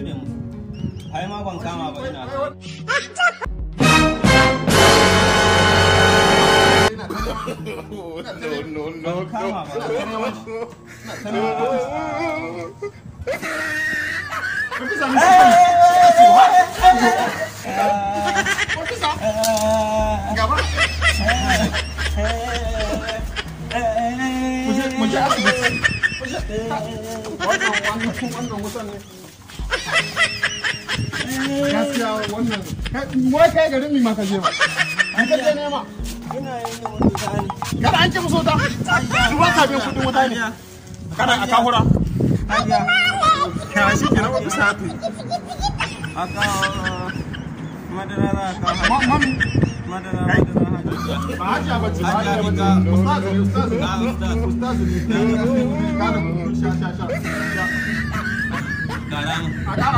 주네 발마 광삼아 버리나 no, no, no, no. Mujak, mujak. Mujak. w a n d o wanda, wanda, wanda. gaskiya wannan wai kai garin mi maka an ka je nema kada an ta su ba ka biyan kudin wuta ne kada a kahura madara za madara madara ba ba